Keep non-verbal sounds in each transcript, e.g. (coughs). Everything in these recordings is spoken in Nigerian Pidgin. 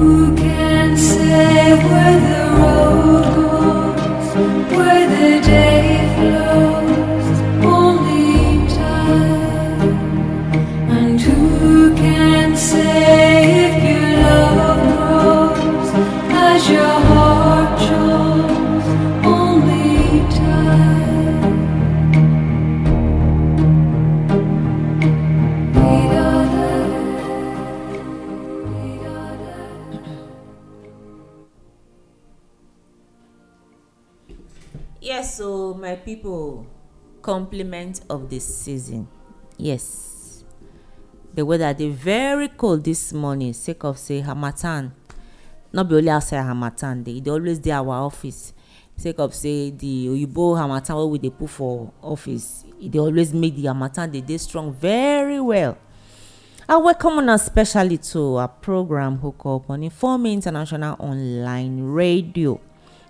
Who can say yes so my people compliment of the season yes the weather dey very cold this morning sake of say harmattan no be only outside harmattan dey e dey always dey our office sake of say the oyibo harmattan wey we dey put for office e dey always make the harmattan dey dey strong very well i welcome una specially to our program hook up on informe international online radio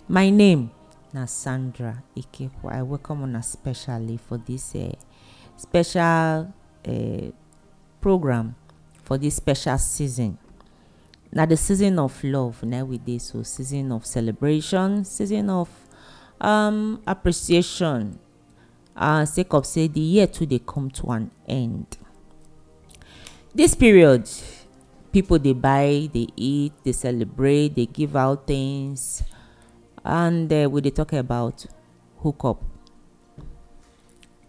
my name na Sandra Ikekwa. I welcome on especially for this uh, special uh, program for this special season. Now the season of love now we dey so season of celebration, season of um, appreciation. Uh, sake of say the year too dey come to an end. This period, people dey buy, dey eat, dey celebrate, dey give out things. and uh, we will talk about hookup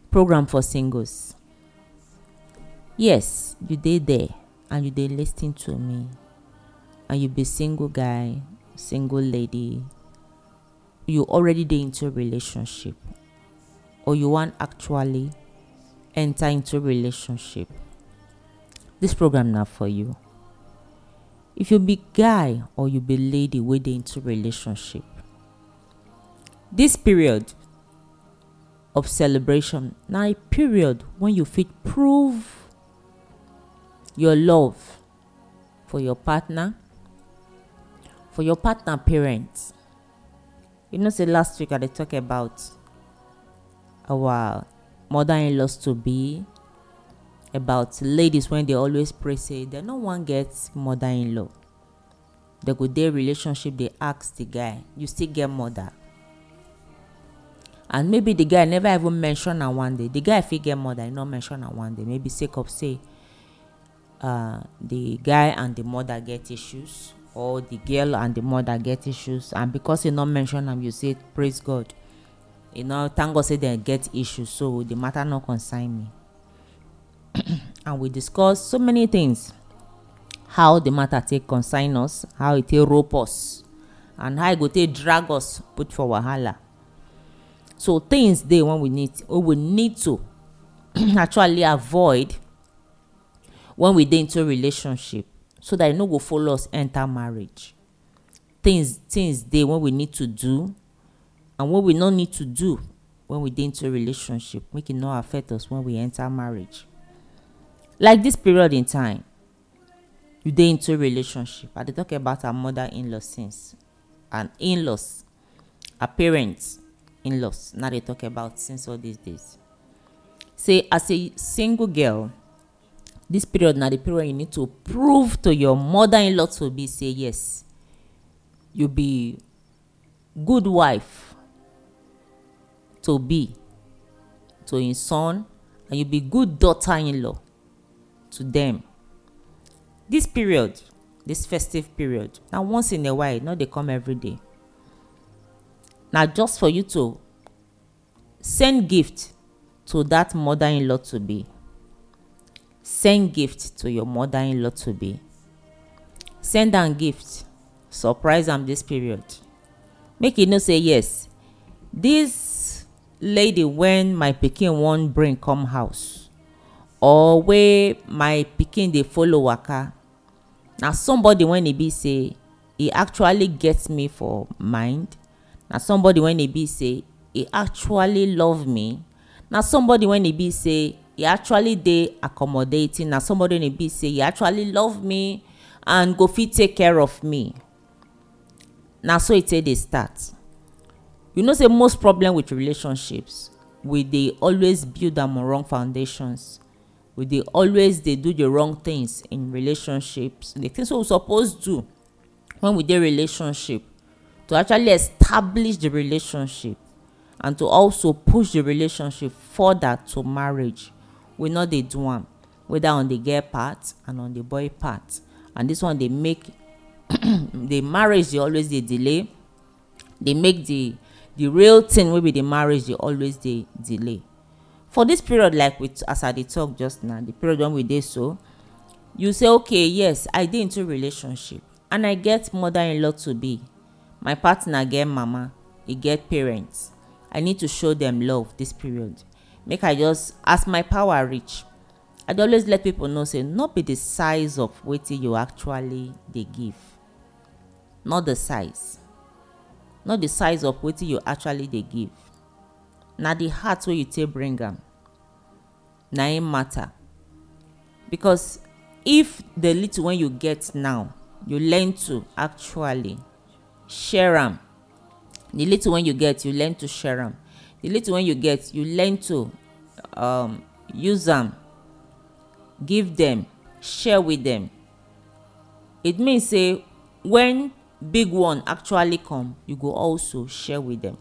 program for singles yes you dey there and you dey listening to me and you be single guy single lady you already dey into relationship or you want actually enter into relationship this program now for you if you be guy or you be lady waiting dey into relationship This period of celebration na a period when you fit prove your love for your partner for your partner parents you know say last week i dey talk about our mother-in-laws to be about ladies wey dey always pray say dem no wan get mother-in-law dem go dey relationship dey ask the guy you still get mother and maybe the guy never even mention am one day the guy fit get mother he no mention am one day maybe sake of say uh, the guy and the mother get issues or the girl and the mother get issues and because he no mention am you say praise god you know thank god say dem get issues so the matter no concern me (coughs) and we discuss so many things how the matter take concern us how e take rope us and how e go take drag us put for wahala so things dey when we need or we need to (clears throat) actually avoid when we dey into relationship so that e no go follow us enter marriage things things dey when we need to do and what we no need to do when we dey into relationship make e no affect us when we enter marriage like this period in time you dey into relationship i dey talk about our mother-in-law since and in-laws her parents in-laws now they talk about since all these days say as a single girl this period now the period you need to prove to your mother-in-law to be say yes you be good wife to be to im son and you be good daughter-in-law to them. this period this festive period na once in a while no dey come every day na just for you to send gift to that mother-in-law to be send gift to your mother-in-law to be send am gift surprise am this period make you know say yes this lady when my pikin wan bring come house or wey my pikin dey follow waka na somebody wen e be say e actually get me for mind na somebody when e be say e actually love me na somebody when e be say e actually dey accommodating na somebody when e be say e actually love me and go fit take care of me na so e take dey start you know say most problem with relationships we dey always build am on wrong foundations we dey always dey do the wrong things in relationships the things wey we suppose do when we dey relationship to actually establish the relationship and to also push the relationship further to marriage we no dey do am whether on the girl part and on the boy part and this one dey make (clears throat) the marriage dey always dey delay dey make the the real thing wey be the marriage dey always dey delay for this period like we as i dey talk just now the period when we dey so you say okay yes i dey into relationship and i get mother-in-law to be my partner get mama e get parents i need to show dem love this period make i just as my power reach i dey always let people know say no be the size of wetin you actually dey give not the size not the size of wetin you actually dey give na the heart wey you take bring am na im matter because if the little wey you get now you learn to actually share am the little one you get you learn to share am the little one you get you learn to um, use am give them share with them it mean say when big one actually come you go also share with them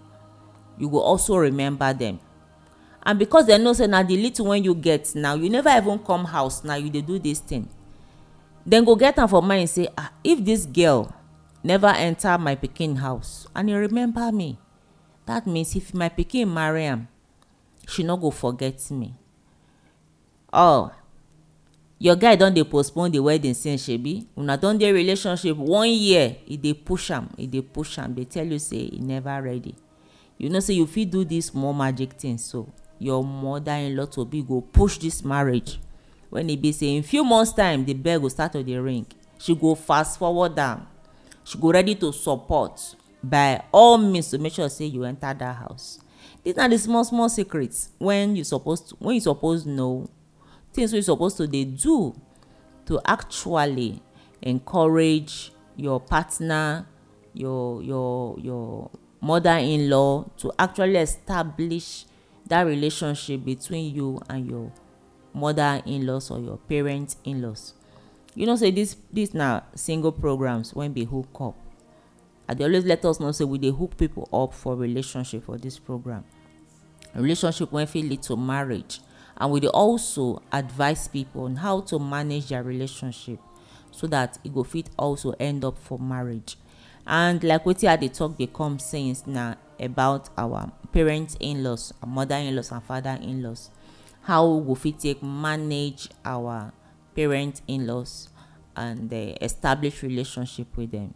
you go also remember them and because dem know say na the little one you get now you never even come house now you dey do this thing dem go get am for mind say ah if this girl never enter my pikin house and he remember me that means if my pikin marry am she no go forget me oh your guy don dey postpone the wedding since shebi una don dey relationship one year e dey push am e dey push am dey tell you say e never ready you know say you fit do this small magic thing so your mother-in-law to be go push this marriage when e be say in few months time the bell go start to dey ring she go fast forward am she go ready to support by all means to make sure say you enter that house these na the small small secrets when you suppose to, when you suppose know things wey you suppose to dey do to actually encourage your partner your your your mother-in-law to actually establish that relationship between you and your mother-in-laws or your parent-in-laws you know say this this na single programs wen be hook up i dey always let us know say we dey hook people up for relationship for this program relationship wey fit lead to marriage and we dey also advise people on how to manage their relationship so that e go fit also end up for marriage and like wetin i dey talk dey come since na about our parents in-laws our mother in-laws and father in-laws how we go fit take manage our parents in-laws and uh, establish relationship with them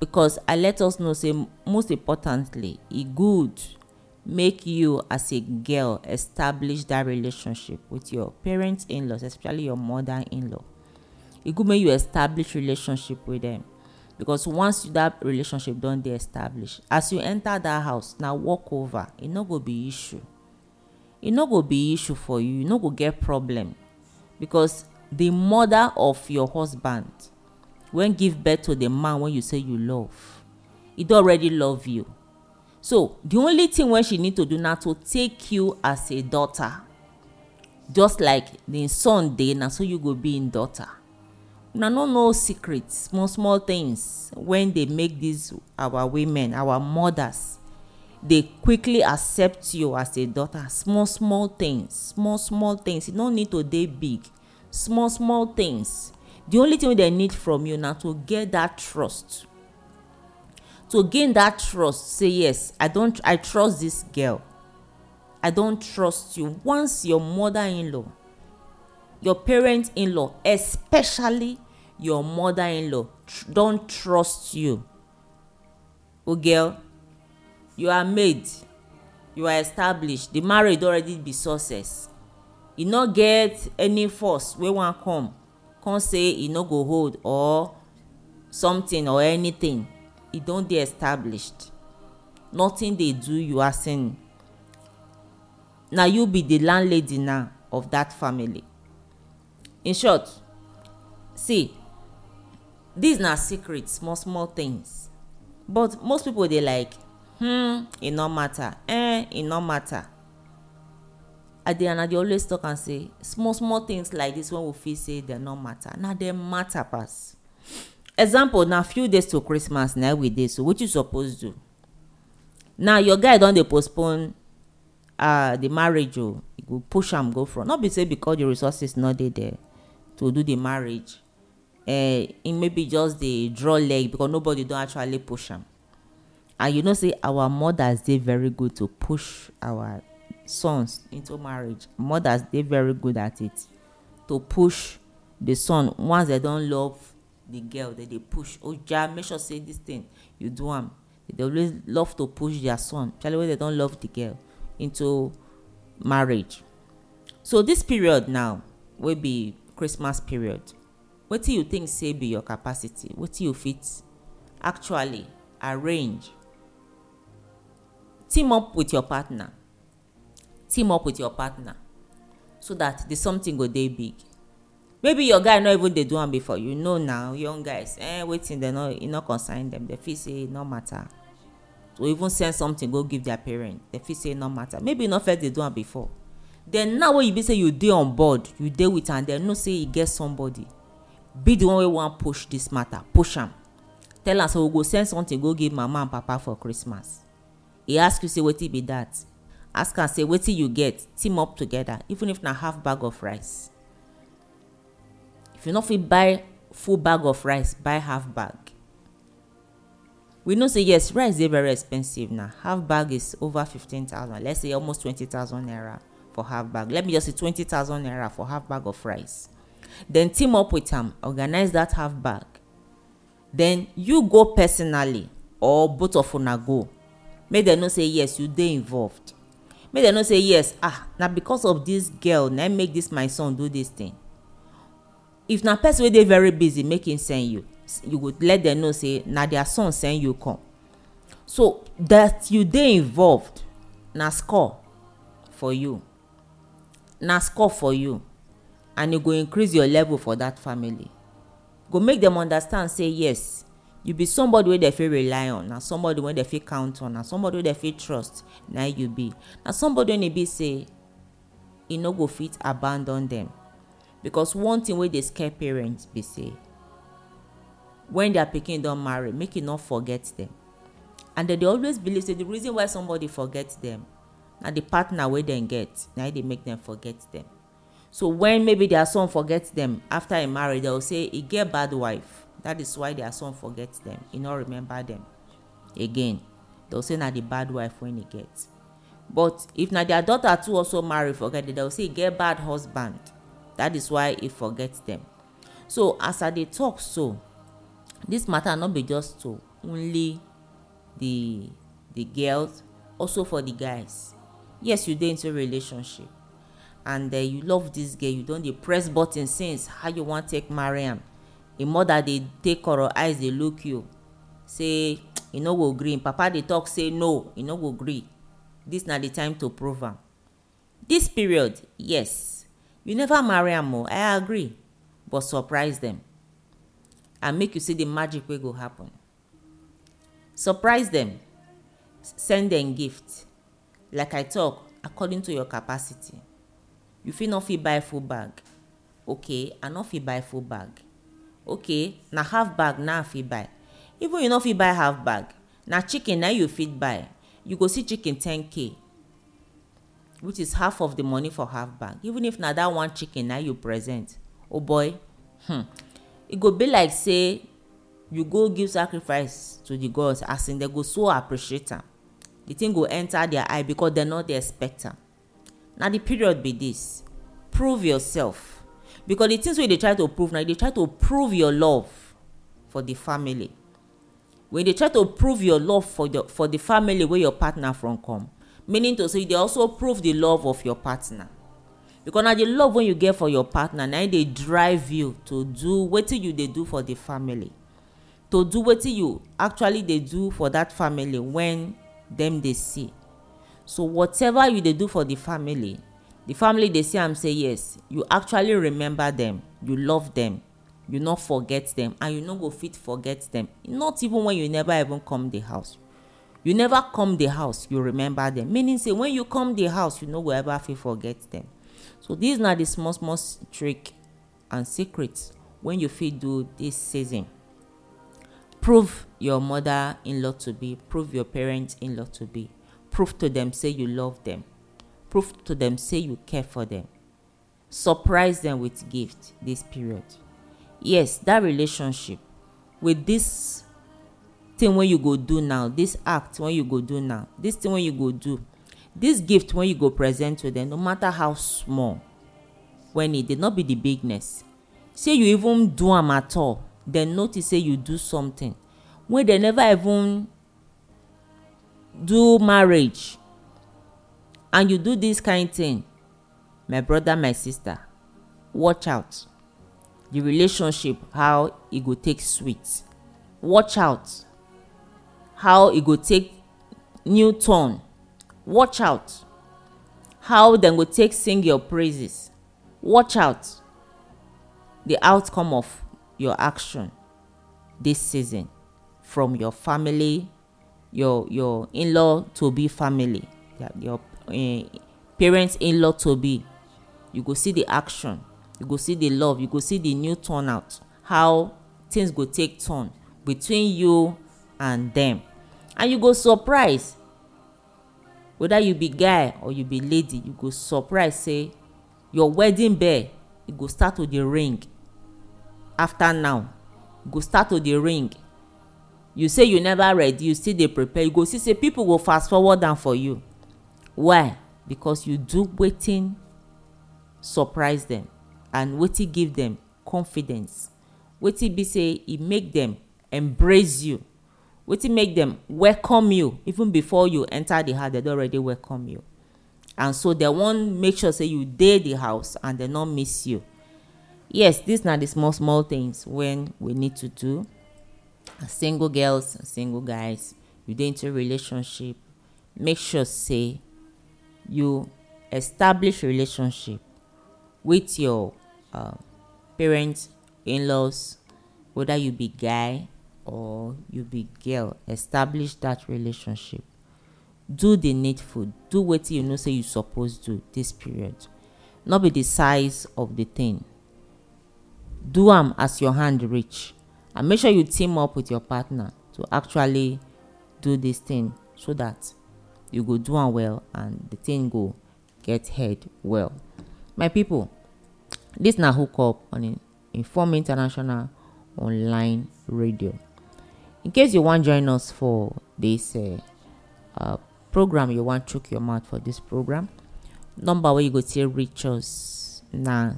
because i let us know say most importantly e good make you as a girl establish that relationship with your parents in-laws especially your mother in-law e good make you establish relationship with them because once that relationship don dey established as you enter that house na walk over e no go be issue e no go be issue for you you e no go get problem because the mother of your husband when give birth to the man when you say you love he don already love you so the only thing wey she need to do na to take you as a daughter just like the son dey na so you go be im daughter una no know secrets, small small things wen dey make these our women our mothers dey quickly accept you as a daughter small small things small small things e no need to dey big small small things the only thing wey dem need from you na to get that trust to gain that trust say yes i don i trust this girl i don trust you once your mother-in-law your parent-in-law especially your mother-in-law tr don trust you o oh girl you are made you are established the marriage already be success e no get any force wey wan come come say e no go hold or something or anything e don dey established nothing dey do you asini na you be the landlady now of that family in short see these na secret small small things but most people dey like hmm e no matter eh e no matter at the end i dey always talk am say small small things like this when we feel say dem no matter na dem matter pass example na few days to christmas na we dey so what you suppose do now your guy don dey postpone uh, the marriage o you go push am go front no be say because the resources no dey there to do the marriage eh uh, e him maybe just dey draw leg because nobody don actually push am and you know say our mothers dey very good to push our sons into marriage mothers dey very good at it to push the son once they don love the girl dem dey push oja oh, make sure say this thing you do am they dey always love to push their son especially when they don love the girl into marriage so this period now wey be christmas period wetin you think say be your capacity wetin you fit actually arrange team up with your partner team up with your partner so that the something go dey big maybe your guy no even dey do am before you know now young guys eh wetin dem no e no concern dem dem feel say e no matter to even send something go give their parent dem feel say e no matter maybe you e no first dey do am before then now wey you be say you dey on board you dey with am dem know say e get somebody be the one wey wan push this matter push am tell am say we go send something go give mama and papa for christmas e ask you say wetin be that ask am say wetin you get team up together even if na half bag of rice if you no fit buy full bag of rice buy half bag we know say yes rice dey very expensive na half bag is over fifteen thousand let's say almost twenty thousand naira for half bag let me just say twenty thousand naira for half bag of rice then team up with am organize that half bag then you go personally or both of una go make dem know say yes you dey involved make dem know say yes ah na because of dis girl na make dis my son do dis thing if na person wey dey very busy make him send you you go let dem know say na their son send you come so that you dey involved na score for you na score for you and e go increase your level for that family go make dem understand say yes you be somebody wey dem fit rely on na somebody wey dem fit count on na somebody wey dem fit trust na you be na somebody wey e be say e no go fit abandon dem because one thing wey dey scare parents be say when their pikin don marry make e no forget dem and dem dey always believe say the reason why somebody forget dem na the partner wey dem get na e dey make dem forget dem so when maybe their son forget dem after e marry dem go say e get bad wife That is why their son forget them. He no remember them. Again, they'll say na the bad wife when he get. But if na their daughter too also marry forget them, they'll say he get bad husband. That is why he forget them. So as I dey talk so, this matter no be just to only the the girls, also for the guys. Yes, you dey into relationship and uh, you love this girl, you don dey press button since how you wan take marry am a mother dey take correct eyes dey look you say e no go gree im papa dey talk say no e no go gree this na the time to prove am this period yes you never marry am o i agree but surprise dem and make you see the magic wey go happen surprise dem send dem gift like i talk according to your capacity you fit no fit buy full bag okay i no fit buy full bag okay na half bag na i fit buy even you no fit buy half bag na chicken na you fit buy you go see chicken 10k which is half of the money for half bag even if na that one chicken na you present oh boy hmm e go be like say you go give sacrifice to the gods as in dem go so appreciate am the thing go enter their eye because dem no dey expect am na the period be this prove yourself because the things wey you dey try to prove na you dey try to prove your love for the family when you dey try to prove your love for the for the family wey your partner from come meaning to say you dey also prove the love of your partner because na the love wey you get for your partner na im dey drive you to do wetin you dey do for the family to do wetin you actually dey do for that family when dem dey see so whatever you dey do for the family the family dey see am say yes you actually remember them you love them you no forget them and you no go fit forget them not even when you never even come the house you never come the house you remember them meaning say when you come the house you no go ever fit forget them so these na the small small trick and secret wey you fit do this season prove your mother-in-law to be prove your parents in law to be prove to them say you love them prove to them say you care for them surprise them with gift this period yes that relationship with this thing wey you go do now this act wey you go do now this thing wey you go do this gift wey you go present to them no matter how small when e dey no be the bigness say you even do am at all Then notice say you do something wey dem never even do marriage and you do this kind thing my brother my sister watch out the relationship how e go take sweet watch out how e go take new turn watch out how dem go take sing your praises watch out the outcome of your action this season from your family your your in-law to be family your parent in-law to be you go see the action you go see the love you go see the new turnout how things go take turn between you and them and you go surprise whether you be guy or you be lady you go surprise say your wedding bell e go start to dey ring after now e go start to dey ring you say you never ready you still dey prepare you go see say people go fast forward am for you why because you do wetin surprise dem and wetin give dem confidence wetin be say e make dem embrace you wetin make dem welcome you even before you enter the house dem don already welcome you and so dem wan make sure say you dey the house and dem no miss you yes these na the small small things wen we need to do as single girls and single guys you dey into relationship make sure say you establish relationship with your um, parents in-laws whether you be guy or you be girl establish that relationship do the needful do wetin you know say you suppose do this period no be the size of the thing do am as your hand reach and make sure you team up with your partner to actually do this thing so that you go do am well and the thing go get head well my people this na hook up on inform international online radio in case you wan join us for this uh, uh, program you wan chook your mouth for this program number wey you go take reach us na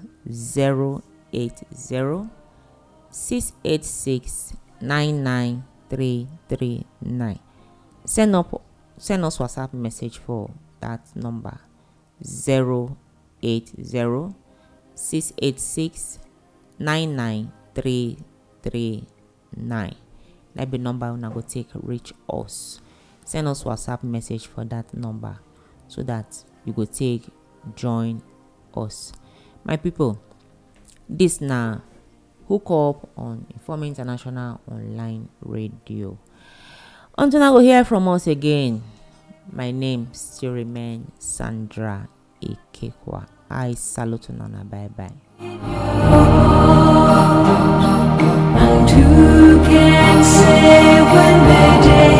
three three nine. send up send us WhatsApp message for that number 080 686 99339 that be number una go take reach us send us whatsapp message for that number so that you go take join us my people this now hook up on informe international online radio Until I go hear from us again, my name still remains Sandra Ikekwa. I salute Nana. Bye bye. And who can say when they day?